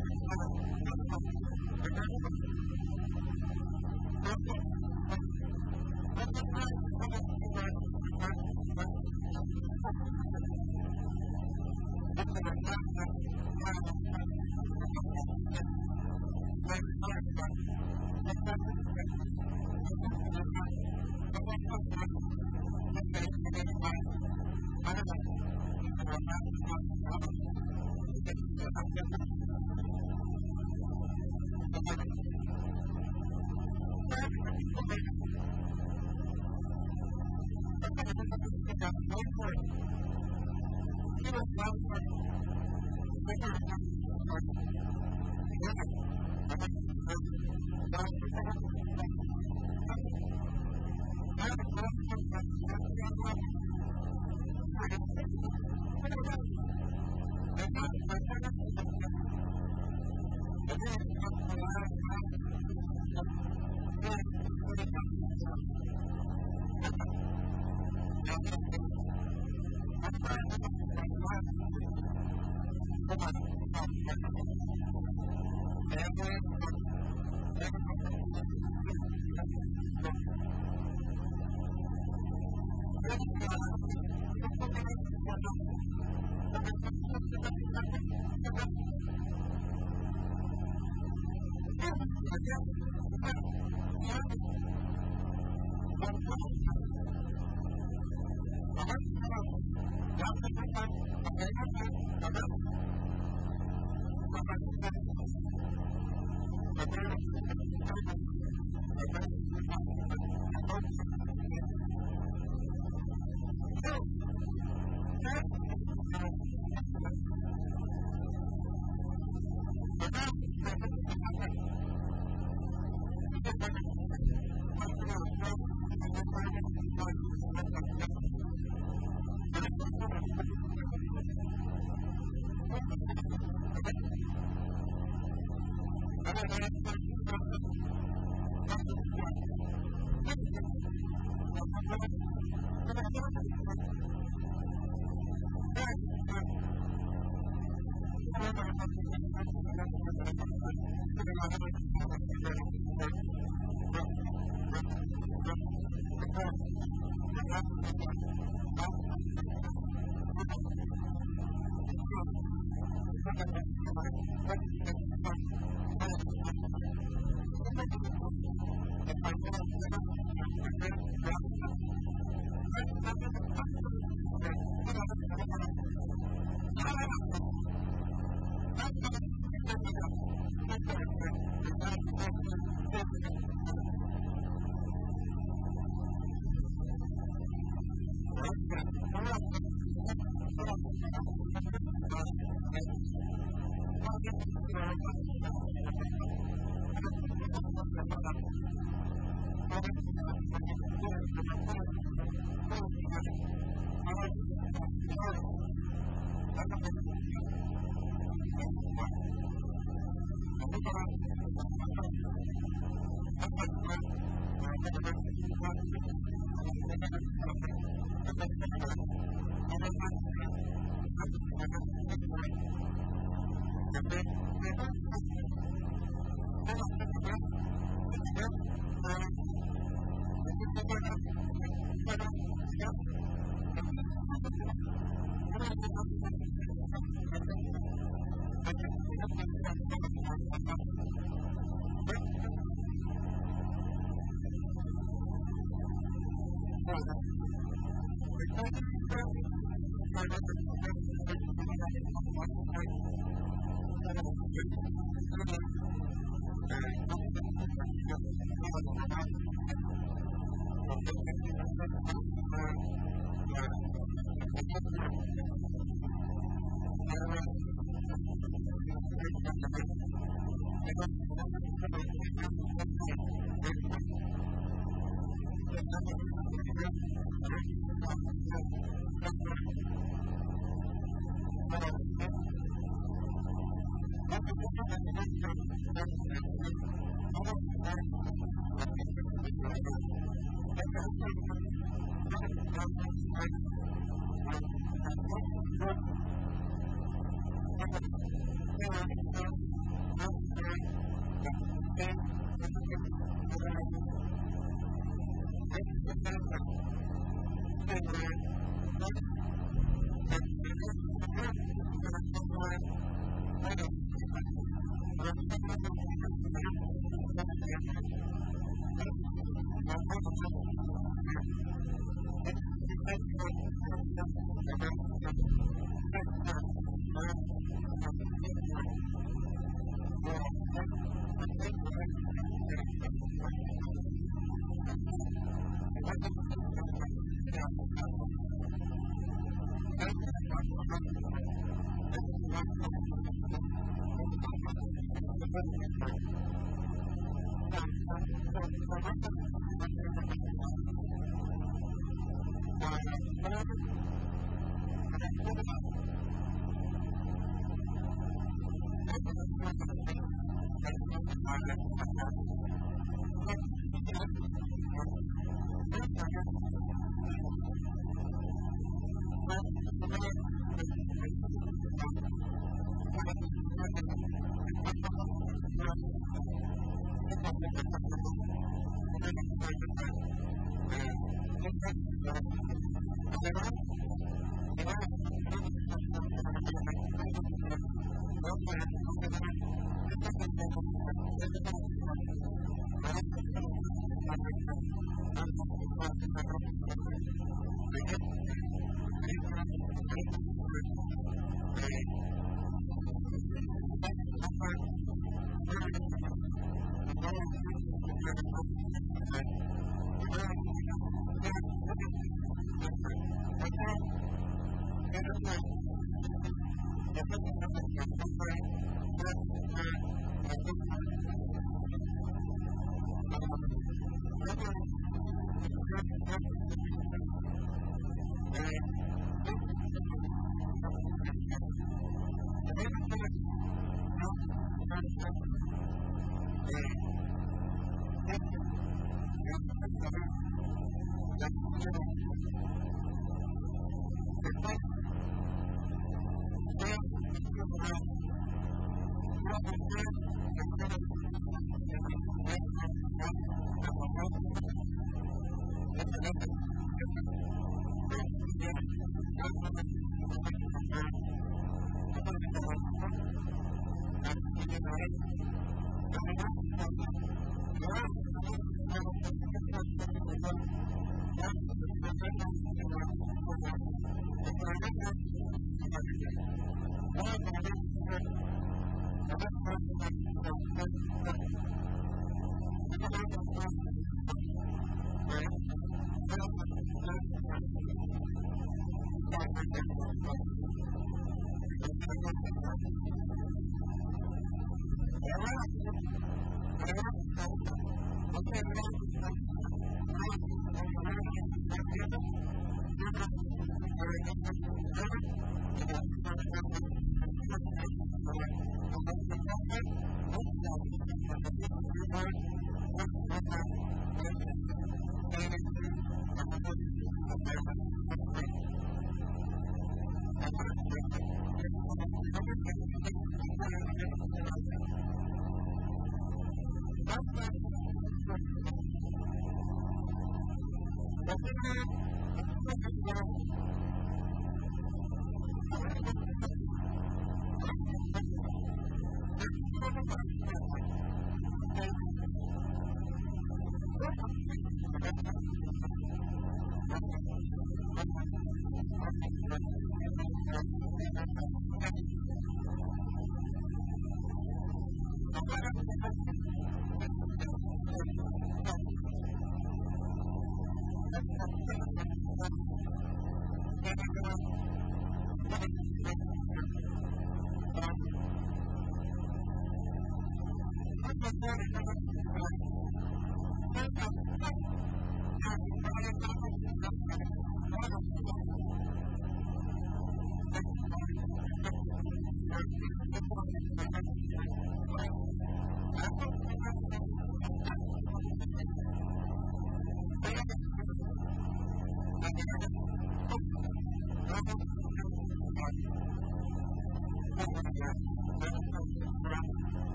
Thank you. Thank you. for my purposes. Bye.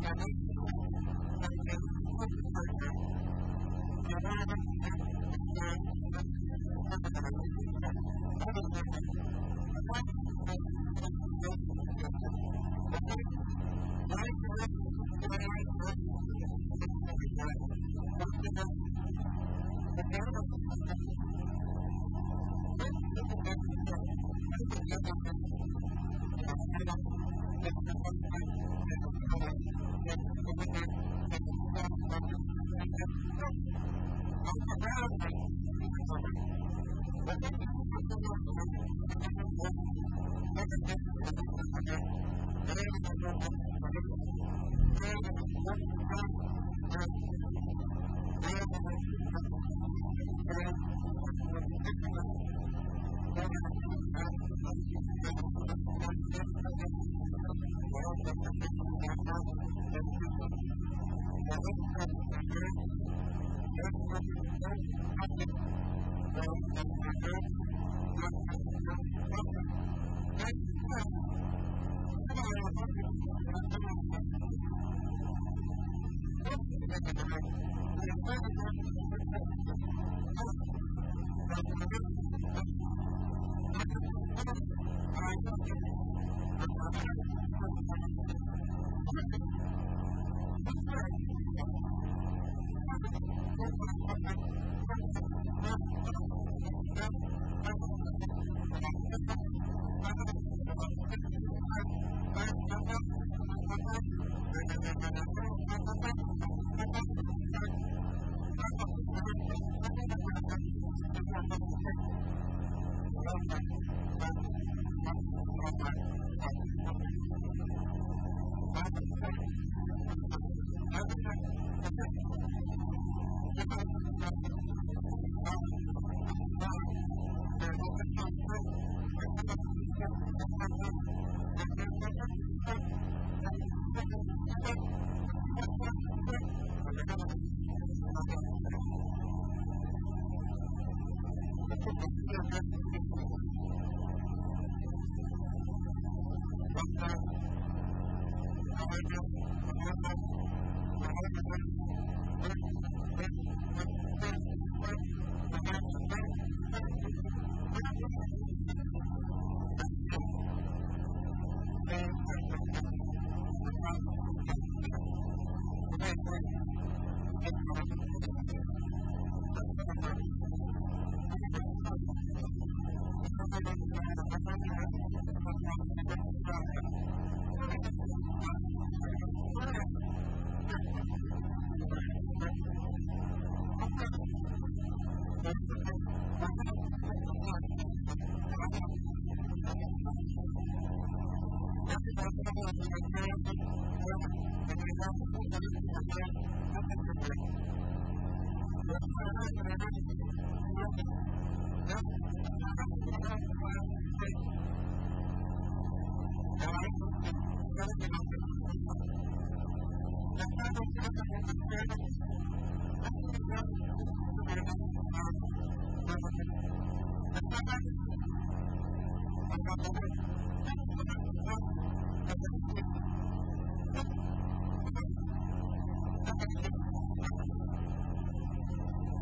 Gracias.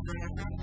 Thank you.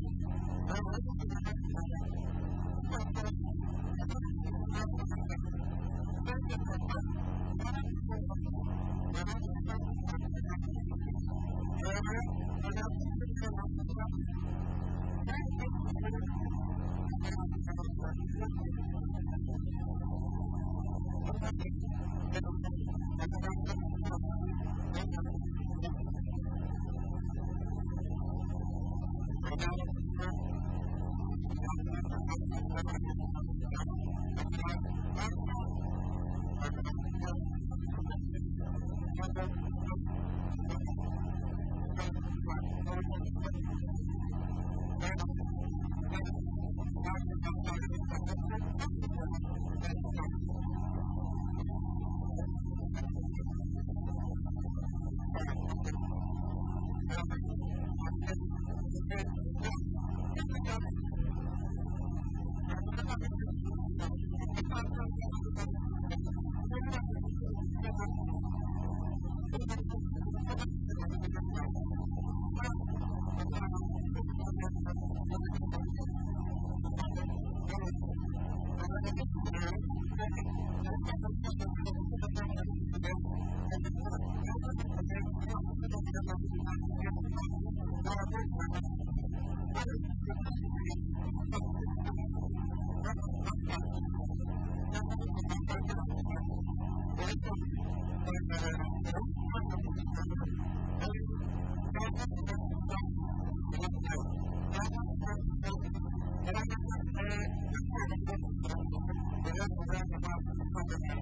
Thank you. program